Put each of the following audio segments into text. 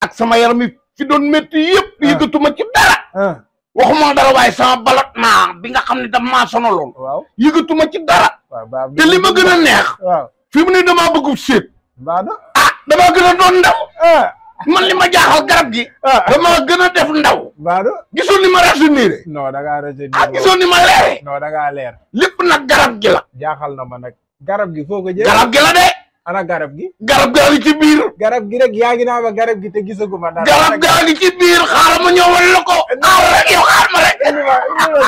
ak sama yaram yi fi doon métti yëpp ah. yëgatuma ci dara ah. waxuma dara way sama ballottement bi nga xam ne daf maa sonaloon yëgatuma ci dara te lima gëna neex fi mu ne dama bëgg ah dama gëna doon ndaw ah. man lima jaaxal garab gi dama gëna def ndaw gisoon ni ma rajeunir non da nga rajeunir ah gisoon ni ma leer non da nga leer lepp nak garab gi la jaaxal na ma nak garab gi foko jeex garab gi la de ana garab gi garab gaa ci bir garab gi rek yaa na naa ma garab gi te gisaguma dara garab gaa ci bir xaaral ñowal lako ah rek yow xaar rek indi ma indi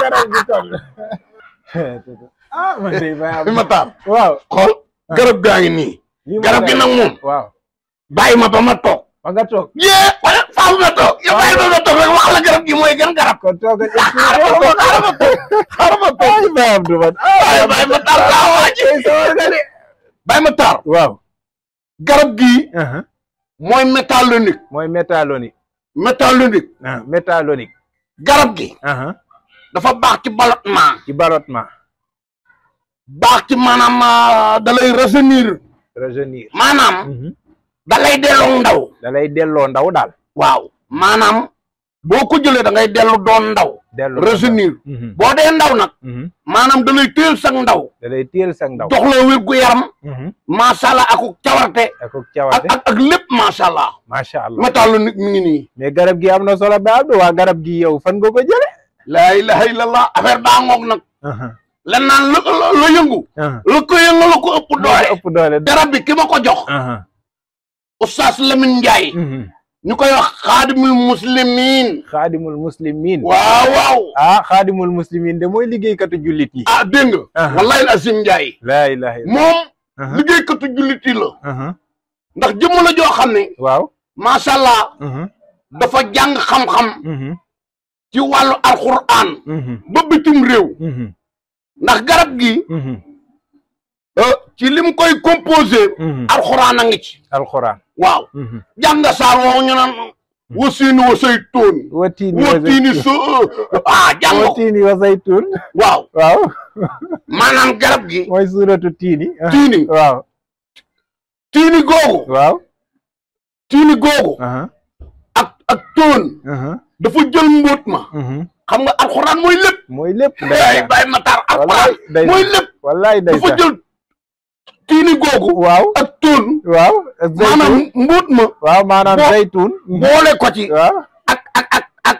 ma ah ma taam waaw xool garab gaangi ni garab gi nak mom waaw bayima ba ma tok ba nga tok ye wala faaw nga toog yow bàyyi ma ba toog rek wax la garab gi moy gën garab ko tok xaaral ma toog xaaral ma toog xaaral ma toog bàyyi ma taam laa waa ji bàyyi ma taar. waaw garab gii. Uh-huh. mooy métallonique. mooy métallonique. métallonique. Ah, métallonique. garab gi. Uh-huh. dafa baax ci ballottement. ci ballottement. baax ci maanaam ah, da lay rajeunir. rajeunir maanaam. Mm-hmm. da lay delloo ndaw. da lay ndaw daal. waaw maanaam boo ko jëlee dangay ngay dellu ndaw. rejeunir mhm. boo dee ndaw nag mhm. maanaam da lay téyel sag ndaw da lay téyel ndaw jox la wér gu yaram mhm. macha akuk cawarte akuk cawarte ak ak lépp macha allah macha allah métallu mi nii mais garab gi am na solo ba abdu waa garab gi yow fan nga ko jële laa ilaha illallah nag uh-huh. lan naan la la yëngu uh-huh. la ko yëngu la ko ëpp doole ëpp garab bi ki ma ko jox uh-huh. oustaz ñu koy wax xaadimul muslimin. xaadimul muslimin. waaw waaw. ah xaadimul muslimin de mooy liggéeykatu jullit yi. ah dégg wallahi Asim Ndiaye. laa ilaaha moom. liggéeykatu jullit yi la. ndax jëmm la joo xam ne. waaw macha allah. dafa jàng xam-xam. ci wàllu alquran. ba bitim réew. ndax garab gi. ci lim koy composé. Mhm. alxuraan a ngi alxuraan waaw. Mhm. jàng saar woo ñu naan. Mhm. wasiin wa saytuun. watiini watiini wa saytuun. Ah, waaw waaw. maanaam garab gi. mooy suuratu tiini. tiini waaw. tiini googu. waaw. tiini googu. ak ak dafa jël mbóot ma. alxuraan mooy lépp. mooy lépp day bàyyi matar alxuraan mooy lépp. wallaay day dafa tiini googu. waaw ak tuun. waaw ak zaytuun maanaam mbuut ma. waaw maanaam zaytuun. boole ko ci. waaw ak ak ak ak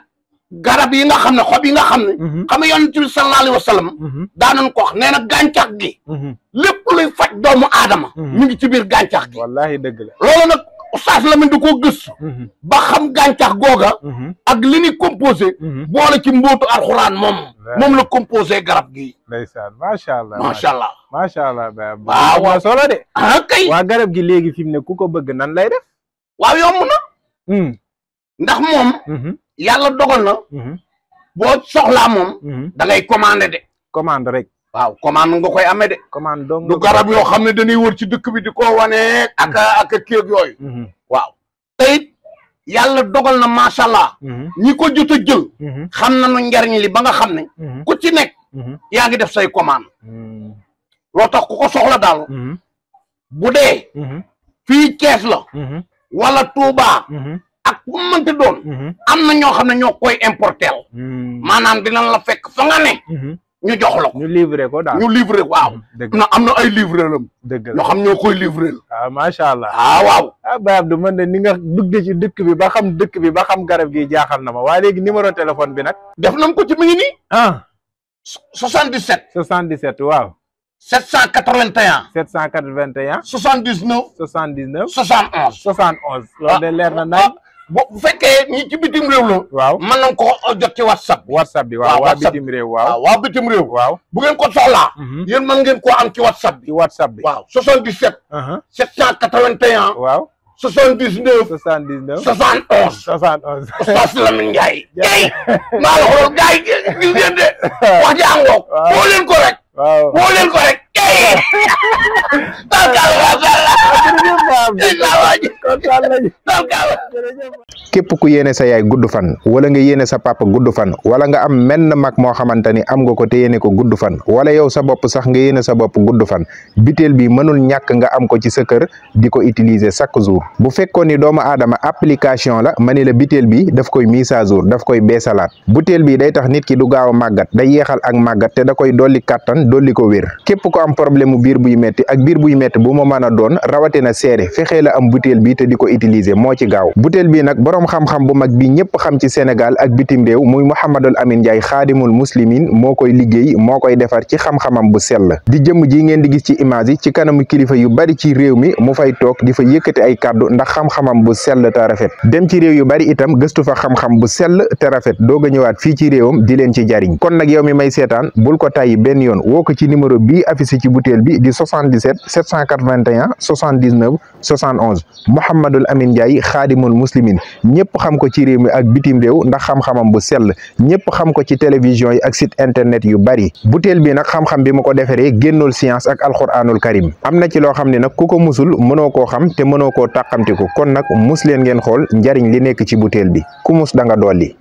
garab yi nga xam ne xob yi nga xam ne. Mhm. xam nga yonent bi sallallahu alayhi wa sallam. Mhm. daanoon ko wax nee na gàncax gi. Mhm. lépp luy faj doomu aadama. mu ngi ci biir gàncax gi. wallaahi dëgg la loolu nag Oustaz Lamine da koo gëstu mhm. ba xam gàncax googa mhm. ak li ni composé mhm. boole ci mbootu alxuraan moom moom la composé garab gi ndeysaan macha allah macha allah macha allah waaw de ah kay waa garab gi léegi fi mu ne ku ko bëgg nan lay def waaw yomb na hmm. ndax moom yàlla dogal na boo soxlaa moom da ngay commandé de commande rek waaw commande nga koy amé de. commande dong du garab yo xamné dañuy wër ci dëkk bi di ko wane. ak a ak a yoy mm-hmm. waaw tay yalla dogal na sha allah. Mm-hmm. ñi ko jottu jël. Mm-hmm. xam nañu njariñ li ba nga xamné ku ci nek yaangi def say commande. lo tax ku ko soxla dal bu dé fi Thiès la. wala Touba. ak bu mënti doon. amna ño xamné ño koy importer. manam dinañ la fekk fa nga ne. ñu jox la ko ñu livré ko daal ñu livré ko waaw. Mm, na am na ay livré lam dëgg la ñoo xam ñoo koy livré la. ah macha allah ah waaw. ah Baye Abdou man de ni nga dugg ci dëkk bi ba xam dëkk bi ba xam garab gi jaaxal na ma waaye léegi numéro téléphone bi nag. def nañ ko ci mi ngi nii. ah. 77. 77 waaw. 781. 781. 79. 79. 71. 71 loolu de leer na nañ. bu fekkee ñi ci bitim réew la. waaw mën nañ koo jot ci whatsapp. whatsapp bi waaw waa bitim réew. waaw ah, waa bitim réew. waaw bu ngeen ko soxlaa. Mhm. yéen mën ngeen koo am ci whatsapp bi. ci whatsapp bi waaw 77. 781. Uh-huh. waaw 79. 79 71. 71 Oustaz Lamine Ndiaye. jaay maa la xool gars yi gis ngeen de wax jaa ngoog. waaw woo leen ko rek. waaw woo leen ko rek. képp ku yéene sa yaay gudd fan wala nga yéene sa papa gudd fan wala nga am menn mag moo xamante ni am nga ko te yéene ko gudd fan wala yow sa bopp sax nga yéene sa bopp gudd fan biteel bi mënul ñàkk nga am ko ci sa kër di ko utiliser chaque jour bu fekkoon ni doomu aadama application la ma ni la biteel bi daf koy mise à jour daf koy beesalaat buteel bi day tax nit ki du gaaw a màggat day yeexal ak màggat te da koy dolli kattan dolli ko wér képp ko am problème mu biir buy metti ak biir buy metti bu ma mën a doon rawatina seere fexee la di ko utiliser moo ci gaaw butéel bi nag boroom xam-xam bu mag bi ñëpp xam ci Sénégal ak bitim réew muy Mouhamadul Amine Ndiaye xaadimul muslimin moo koy liggéey moo koy defar ci xam-xamam bu sell di jëm ji ngeen di gis ci image yi ci kanamu kilifa yu bari ci réew mi mu fay toog di fa yëkkati ay kàddu ndax xam-xamam bu sell te rafet dem ci réew yu bari itam gëstu fa xam-xam bu sell te rafet dooga ñëwaat fii ci réew di leen ci jariñ kon nag yow mi may seetaan bul ko tàyyi benn yoon woo ko ci numéro bii affiché ci butéel bi di 77 781 79 71 Mouhamadul Amine Ndiaye xaadimul muslimin ñëpp xam ko ci réew mi ak bitim réew ndax xam-xamam bu sell ñëpp xam ko ci télévision yi ak site internet yu bari butéel bi nag xam-xam bi ma ko defaree génnul science ak alquranul karim am na ci loo xam ne nag ku ko mosul mënoo koo xam te mënoo koo tàqamtiku kon nag mus leen ngeen xool njariñ li nekk ci butéel bi ku mus da nga li